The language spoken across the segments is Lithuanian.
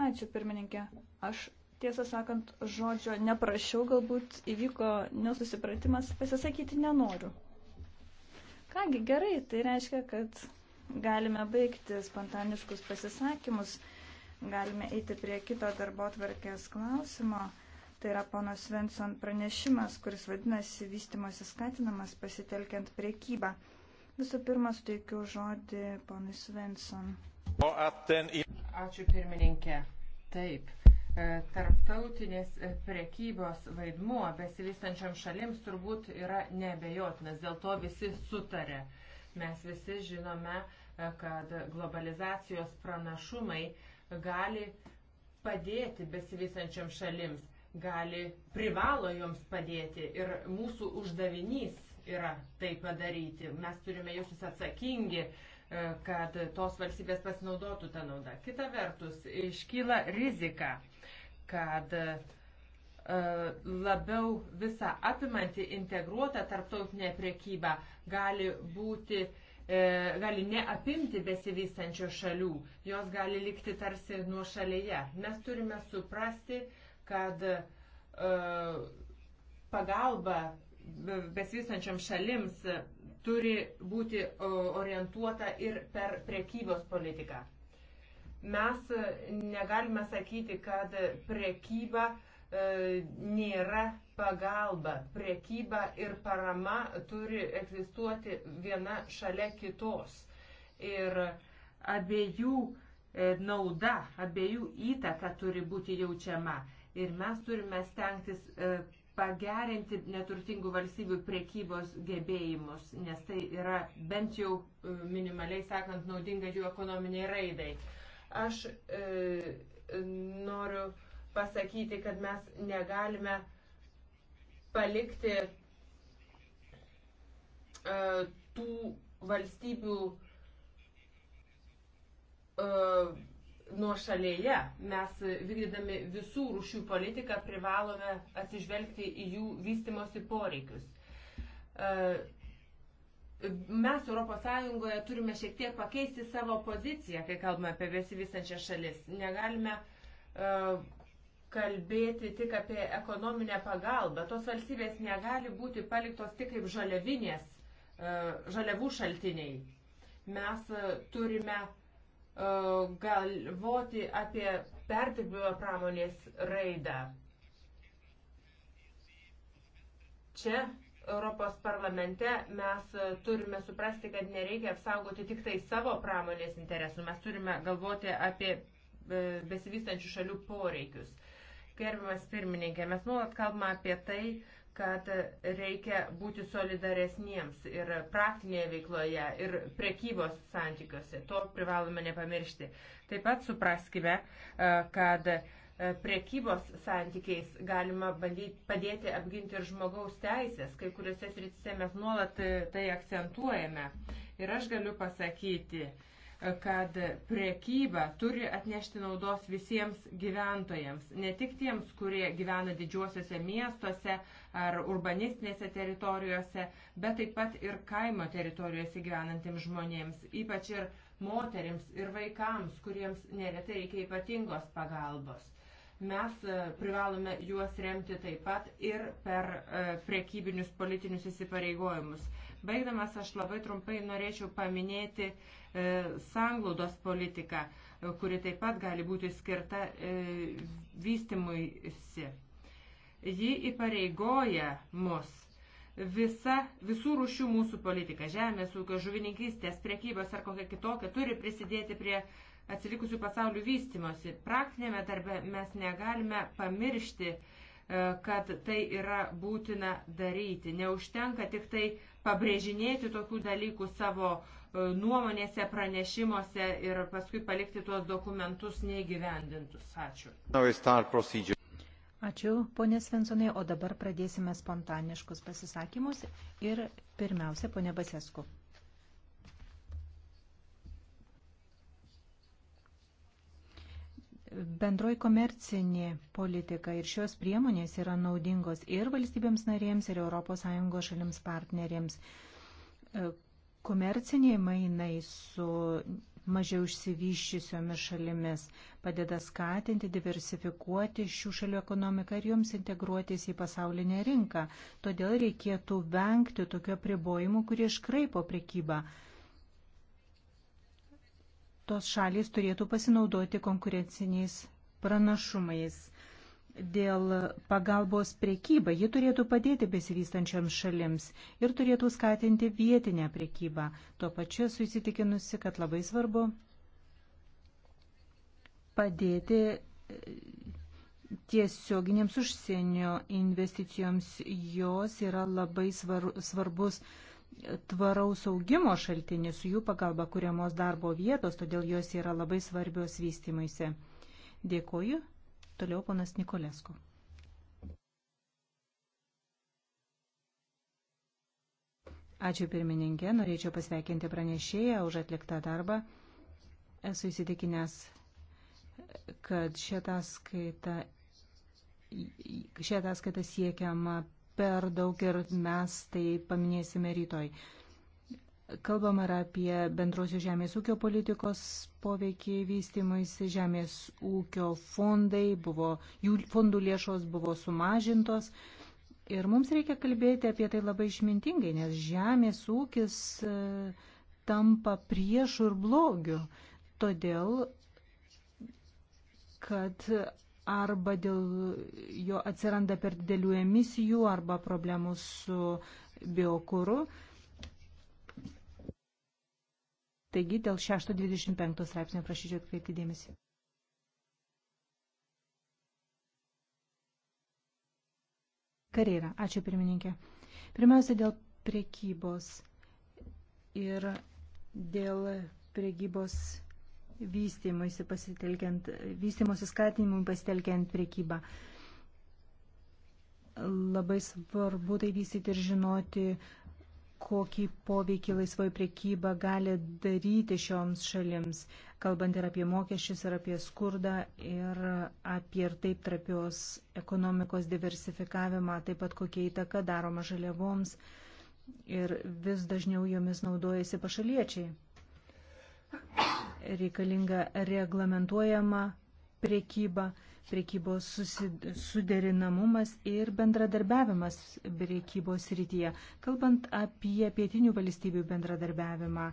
Ačiū, pirmininkė. Aš tiesą sakant, žodžio neprašiau, galbūt įvyko nesusipratimas, pasisakyti nenoriu. Kągi, gerai, tai reiškia, kad galime baigti spontaniškus pasisakymus, galime eiti prie kito darbo tvarkės klausimo. Tai yra pono Svensson pranešimas, kuris vadinasi vystimosi skatinamas pasitelkiant priekybą. Visų pirma, suteikiu žodį ponui Svensson. O, aten į. Ačiū pirmininkė. Taip. E, tarptautinės e, prekybos vaidmuo besivystančiam šalims turbūt yra nebejotinas, dėl to visi sutarė. Mes visi žinome, e, kad globalizacijos pranašumai gali padėti besivystančiam šalims, gali privalo joms padėti ir mūsų uždavinys yra tai padaryti. Mes turime jausis atsakingi uh, E, kad tos valstybės pasinaudotų tą naudą. Kita vertus, iškyla rizika, kad e, labiau visą apimanti integruota tarptautinė prekyba gali būti e, gali neapimti besivystančių šalių, jos gali likti tarsi nuo šalyje. Mes turime suprasti, kad pagalba besivystančiam šalims turi būti orientuota ir per prekybos politiką. Mes e, negalime sakyti, kad prekyba e, nėra pagalba. Prekyba ir parama turi egzistuoti viena šalia kitos. Ir abiejų e, nauda, abiejų įtaka turi būti jaučiama. Ir mes turime stengtis pagerinti neturtingų valstybių priekybos gebėjimus, nes tai yra bent jau e, minimaliai sakant naudinga jų ekonominiai raidai. Aš e, noriu pasakyti, kad mes negalime palikti e, tų valstybių e, nuo šalyje. Mes vykdydami visų rūšių politiką privalome atsižvelgti į jų vystimosi poreikius. E, mes ES turime šiek tiek pakeisti savo poziciją, kai kalbame apie besivystančias šalis. Negalime e, kalbėti tik apie ekonominę pagalbą. Tos valstybės negali būti paliktos tik kaip žaliavinės, e, žaliavų šaltiniai. Mes turime uh, E, galvoti apie perdirbimo pramonės raidą. Čia Europos parlamente mes turime suprasti, kad nereikia apsaugoti tik tai savo pramonės interesų, mes turime galvoti apie e, besivystančių šalių poreikius. Gerbiamas pirmininkė, mes nuolat kalbame apie tai, kad reikia būti solidaresniems ir praktinėje veikloje, ir prekybos santykiuose. To privalome nepamiršti. Taip pat supraskime, e, kad e, prekybos santykiais galima bandyti padėti apginti ir žmogaus teisės. Kai kuriuose srityse mes nuolat e, tai akcentuojame. Ir aš galiu pasakyti, kad priekyba turi atnešti naudos visiems gyventojams, ne tik tiems, kurie gyvena didžiuosiuose miestuose ar urbanistinėse teritorijose, bet taip pat ir kaimo teritorijose gyvenantiems žmonėms, ypač ir moteriams ir vaikams, kuriems neretai reikia ypatingos pagalbos. Mes e, privalome juos remti taip pat ir per e, priekybinius politinius įsipareigojimus. Baigdamas aš labai trumpai norėčiau paminėti e, sanglaudos politiką, e, kuri taip pat gali būti skirta e, vystimuisi. Ji įpareigoja mus visa, visų rušių mūsų politika - žemės ūkio, žuvininkystės, priekybos ar kokia kitokia - turi prisidėti prie atsilikusių pasaulių vystimosi. Praktinėme darbe mes negalime pamiršti, e, kad tai yra būtina daryti. Neužtenka tik tai pabrėžinėti tokių dalykų savo e, nuomonėse, pranešimuose ir paskui palikti tuos dokumentus neįgyvendintus. Ačiū. Ačiū, ponė Svensonai, o dabar pradėsime spontaniškus pasisakymus ir pirmiausia, ponė Basesku. bendroji komercinė politika ir šios priemonės yra naudingos ir valstybėms narėms, ir ES šalims partnerėms. E, komerciniai mainai su mažiau išsivyščiusiomis šalimis padeda skatinti, diversifikuoti šių šalių ekonomiką ir joms integruotis į pasaulinę rinką. Todėl reikėtų vengti tokio pribojimų, kurie iškraipo prekybą tos šalys turėtų pasinaudoti konkurenciniais pranašumais. Dėl pagalbos prekyba ji turėtų padėti besivystančiams šalims ir turėtų skatinti vietinę prekybą. Tuo pačiu esu įsitikinusi, kad labai svarbu padėti e, tiesioginėms užsienio investicijoms. Jos yra labai svar, svarbus uh, tvaraus augimo šaltinis, su jų pagalba kuriamos darbo vietos, todėl jos yra labai svarbios vystimaisi. Dėkoju. Toliau ponas Nikolesko. Ačiū pirmininkė, norėčiau pasveikinti pranešėją už atliktą darbą. Esu įsitikinęs, kad šią ataskaitą siekiama per daug ir mes tai paminėsime rytoj. Kalbam ir apie bendrosios žemės ūkio politikos poveikį vystymuisi. Žemės ūkio fondai buvo, jų fondų lėšos buvo sumažintos. Ir mums reikia kalbėti apie tai labai išmintingai, nes žemės ūkis e, tampa priešų ir blogių. Todėl, kad arba dėl jo atsiranda per didelių emisijų arba problemų su biokūru. Taigi dėl 6.25 straipsnio prašyčiau atkreipti dėmesį. Karjera. Ačiū pirmininkė. Pirmiausia, dėl priekybos ir dėl priekybos vystymuisi pasitelkiant, vystymuisi skatinimui pasitelkiant priekybą. Labai svarbu tai vystyti ir žinoti, kokį poveikį laisvoji priekyba gali daryti šioms šalims, kalbant ir apie mokesčius, ir apie skurdą, ir apie ir taip trapios ekonomikos diversifikavimą, taip pat kokia įtaka daroma žaliavoms ir vis dažniau jomis naudojasi pašaliečiai reikalinga reglamentuojama priekyba, priekybos suderinamumas ir bendradarbiavimas priekybos rytyje. Kalbant apie pietinių valstybių bendradarbiavimą,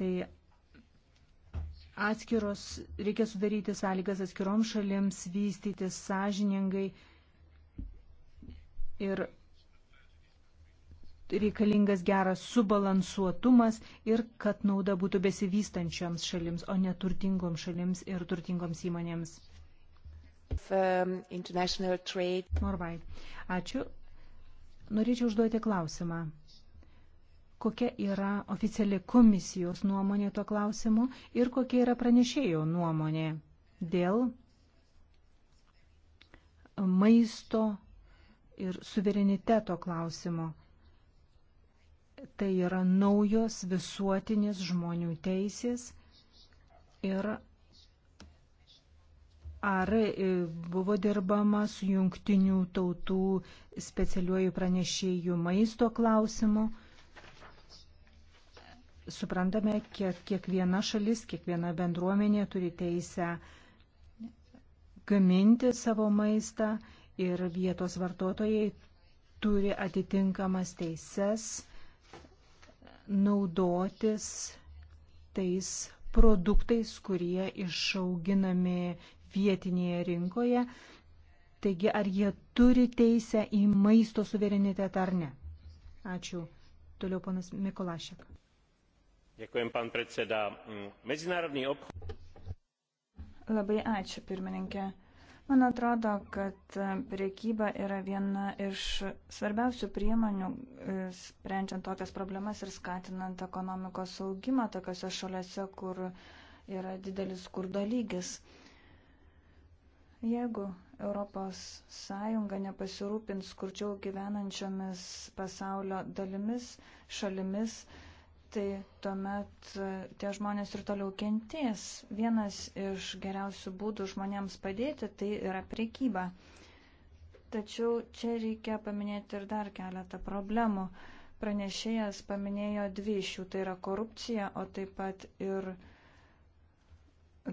tai atskiros, reikia sudaryti sąlygas atskiroms šalims vystytis sąžiningai ir reikalingas geras subalansuotumas ir kad nauda būtų besivystančioms šalims, o ne turtingoms šalims ir turtingoms įmonėms. Morvai, ačiū. Norėčiau užduoti klausimą. Kokia yra oficiali komisijos nuomonė tuo klausimu ir kokia yra pranešėjo nuomonė dėl maisto ir suvereniteto klausimo tai yra naujos visuotinės žmonių teisės ir ar e, buvo dirbama su jungtinių tautų specialiuoju pranešėjų maisto klausimu suprantame, kiek kiekviena šalis, kiekviena bendruomenė turi teisę gaminti savo maistą ir vietos vartotojai turi atitinkamas teises naudotis tais produktais, kurie išauginami vietinėje rinkoje. Taigi, ar jie turi teisę į maisto suverenitetą ar ne? Ačiū. Toliau panas Mikolašek. Dėkuojam, pan predseda. Medzinárodný obchod. Labai ačiū, pirmininkė. Man atrodo, kad priekyba yra viena iš svarbiausių priemonių, e, sprendžiant tokias problemas ir skatinant ekonomikos augimą tokiuose šaliuose, kur yra didelis skurdo lygis. Jeigu ES nepasirūpins skurčiau gyvenančiomis pasaulio dalimis, šalimis, tai tuomet e, tie žmonės ir toliau kentės. Vienas iš geriausių būdų žmonėms padėti tai yra priekyba. Tačiau čia reikia paminėti ir dar keletą problemų. Pranešėjas paminėjo dvi iš jų, tai yra korupcija, o taip pat ir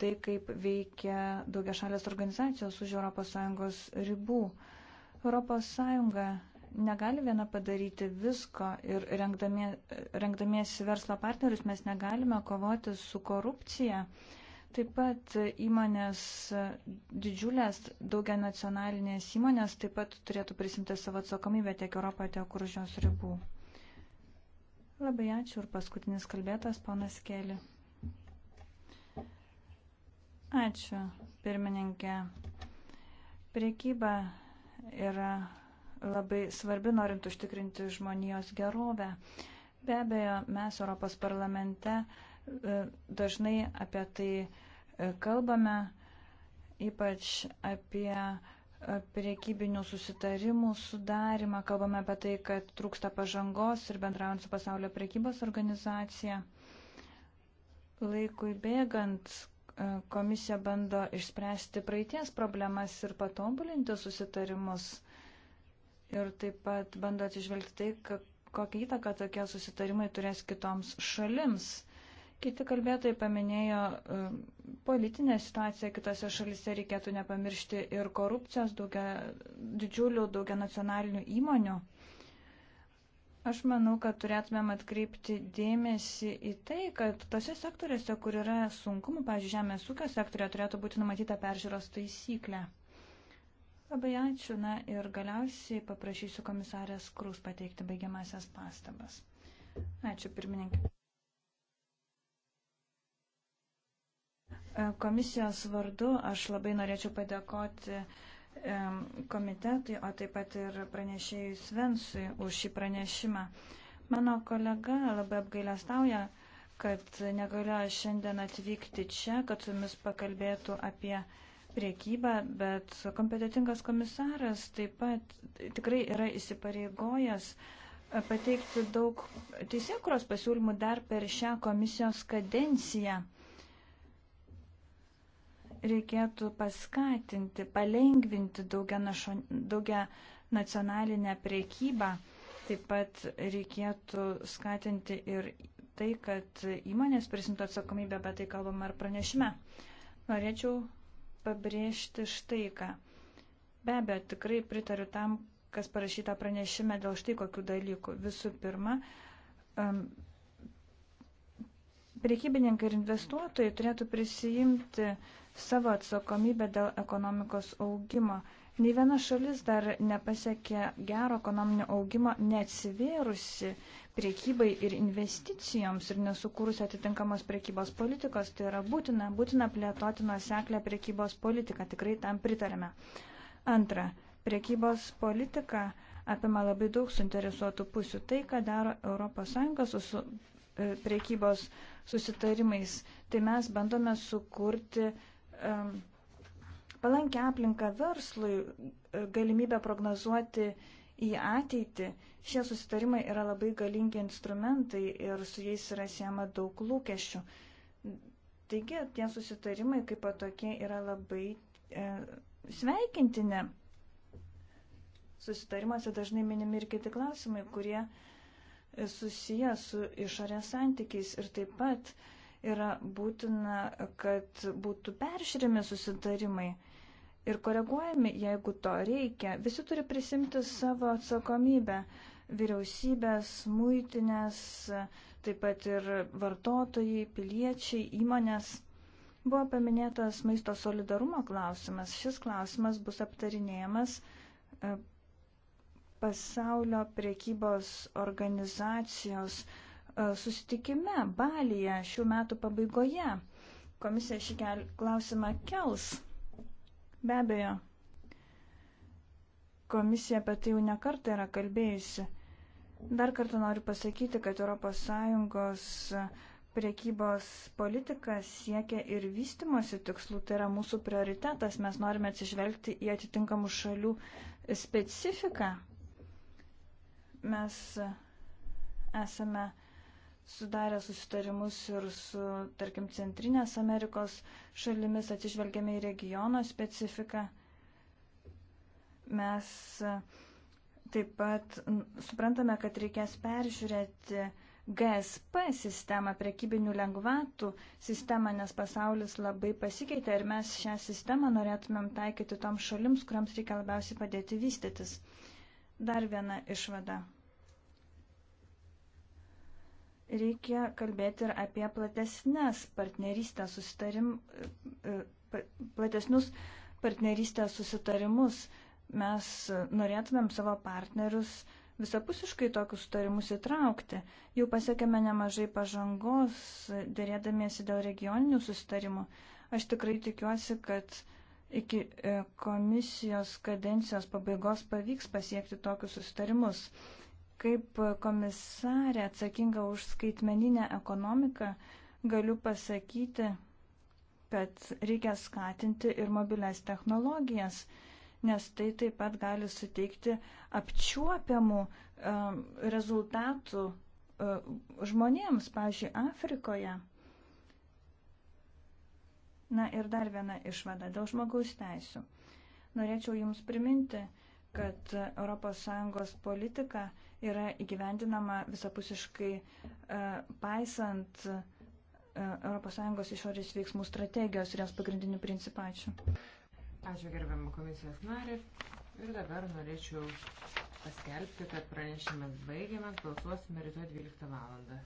tai, kaip veikia daugia šalės organizacijos už ES ribų. ES negali viena padaryti visko ir rengdamie, rengdamiesi verslo partnerius mes negalime kovoti su korupcija. Taip pat įmonės, didžiulės daugia nacionalinės įmonės taip pat turėtų prisimti savo atsakomybę tiek Europoje, tiek už jos ribų. Labai ačiū ir paskutinis kalbėtas, ponas Keli. Ačiū, pirmininkė. Priekyba yra labai svarbi, norint užtikrinti žmonijos gerovę. Be abejo, mes Europos parlamente e, dažnai apie tai e, kalbame, ypač apie e, priekybinių susitarimų sudarimą, kalbame apie tai, kad trūksta pažangos ir bendraujant su pasaulio priekybos organizacija. Laikui bėgant komisija bando išspręsti praeities problemas ir patobulinti susitarimus ir taip pat bando atsižvelgti tai, kokią įtaką tokie susitarimai turės kitoms šalims. Kiti kalbėtojai paminėjo e, politinę situaciją kitose šalise, reikėtų nepamiršti ir korupcijos daugia, didžiulių daugia nacionalinių įmonių. Aš manau, kad turėtumėm atkreipti dėmesį į tai, kad tose sektoriuose, kur yra sunkumų, pavyzdžiui, žemės ūkio sektorė, turėtų būti numatyta peržiūros taisyklė. Labai ačiū. Na ir galiausiai paprašysiu komisarės Krūs pateikti baigiamasias pastabas. Ačiū, pirmininkai. Komisijos vardu aš labai norėčiau padėkoti komitetui, o taip pat ir pranešėjui Svensui už šį pranešimą. Mano kolega labai apgailestauja, kad negalėjo šiandien atvykti čia, kad su jumis pakalbėtų apie priekybą, bet kompetitingas komisaras taip pat tikrai yra įsipareigojęs e, pateikti daug teisėkuros pasiūlymų dar per šią komisijos kadenciją. Reikėtų paskatinti, palengvinti daugia, našo, daugia nacionalinę priekybą. Taip pat reikėtų skatinti ir tai, kad įmonės prisimtų atsakomybę, bet tai kalbama ir pranešime. Norėčiau pabrėžti štai ką. Be abejo, tikrai pritariu tam, kas parašyta pranešime dėl štai kokių dalykų. Visų pirma, um, priekybininkai ir investuotojai turėtų prisijimti savo atsakomybę dėl ekonomikos augimo. Uh, Nei viena šalis dar nepasiekė gero ekonominio augimo, neatsivėrusi priekybai ir investicijoms ir nesukūrusi atitinkamos priekybos politikos. Tai yra būtina, būtina plėtoti nuoseklę priekybos politiką. Tikrai tam pritarėme. Antra, priekybos politika apima labai daug suinteresuotų pusių. Tai, ką daro ES su e, priekybos susitarimais, tai mes bandome sukurti um, palankę aplinką verslui, e, galimybę prognozuoti į ateitį. Šie susitarimai yra labai galingi instrumentai ir su jais yra siejama daug lūkesčių. Taigi tie susitarimai kaip tokie yra labai e, sveikintini. Susitarimuose dažnai minimi ir kiti klausimai, kurie e, susiję su išorės santykiais ir taip pat yra būtina, kad būtų peržiūrimi susitarimai ir koreguojami, jeigu to reikia. Visi turi prisimti savo atsakomybę. Vyriausybės, muitinės, taip pat ir vartotojai, piliečiai, įmonės. Buvo paminėtas maisto solidarumo klausimas. Šis klausimas bus aptarinėjamas e, pasaulio priekybos organizacijos e, susitikime Balyje šių metų pabaigoje. Komisija šį klausimą kels. Be abejo, komisija apie tai jau nekartą yra kalbėjusi. Dar kartą noriu pasakyti, kad ES priekybos politika siekia ir vystimosi tikslų, tai yra mūsų prioritetas, mes norime atsižvelgti į atitinkamų šalių specifiką. Mes esame sudarę susitarimus ir su, tarkim, Centrinės Amerikos šalimis, atsižvelgiame į regiono specifiką. Mes e, taip pat suprantame, kad reikės peržiūrėti GSP sistemą, prekybinių lengvatų sistemą, nes pasaulis labai pasikeitė ir mes šią sistemą norėtumėm taikyti toms šalims, kuriams reikia labiausiai padėti vystytis. Dar viena išvada reikia kalbėti ir apie platesnės partnerystės susitarim, e, platesnius partnerystės susitarimus. Mes norėtumėm savo partnerius visapusiškai tokius sutarimus įtraukti. Jau pasiekėme nemažai pažangos, dėrėdamiesi dėl regioninių susitarimų. Aš tikrai tikiuosi, kad iki e, komisijos kadencijos pabaigos pavyks pasiekti tokius susitarimus. Kaip komisarė atsakinga už skaitmeninę ekonomiką, galiu pasakyti, kad reikia skatinti ir mobilias technologijas, nes tai taip pat gali suteikti apčiuopiamų um, rezultatų um, žmonėms, pavyzdžiui, Afrikoje. Na ir dar viena išvada dėl žmogaus teisų. Norėčiau Jums priminti, kad ES politika yra įgyvendinama visapusiškai e, paisant e, ES išorės veiksmų strategijos ir jos pagrindinių principų. Ačiū. Ačiū gerbiamą komisijos narį. Ir dabar norėčiau paskelbti, kad pranešimas baigiamas, balsuosime rytoj 12 valandą.